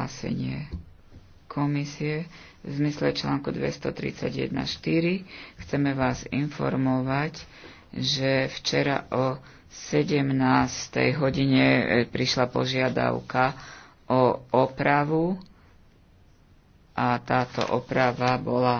spasenie. komisie v zmysle článku 231.4 chceme vás informovať, že včera o 17. hodine e, prišla požiadavka o opravu a táto oprava bola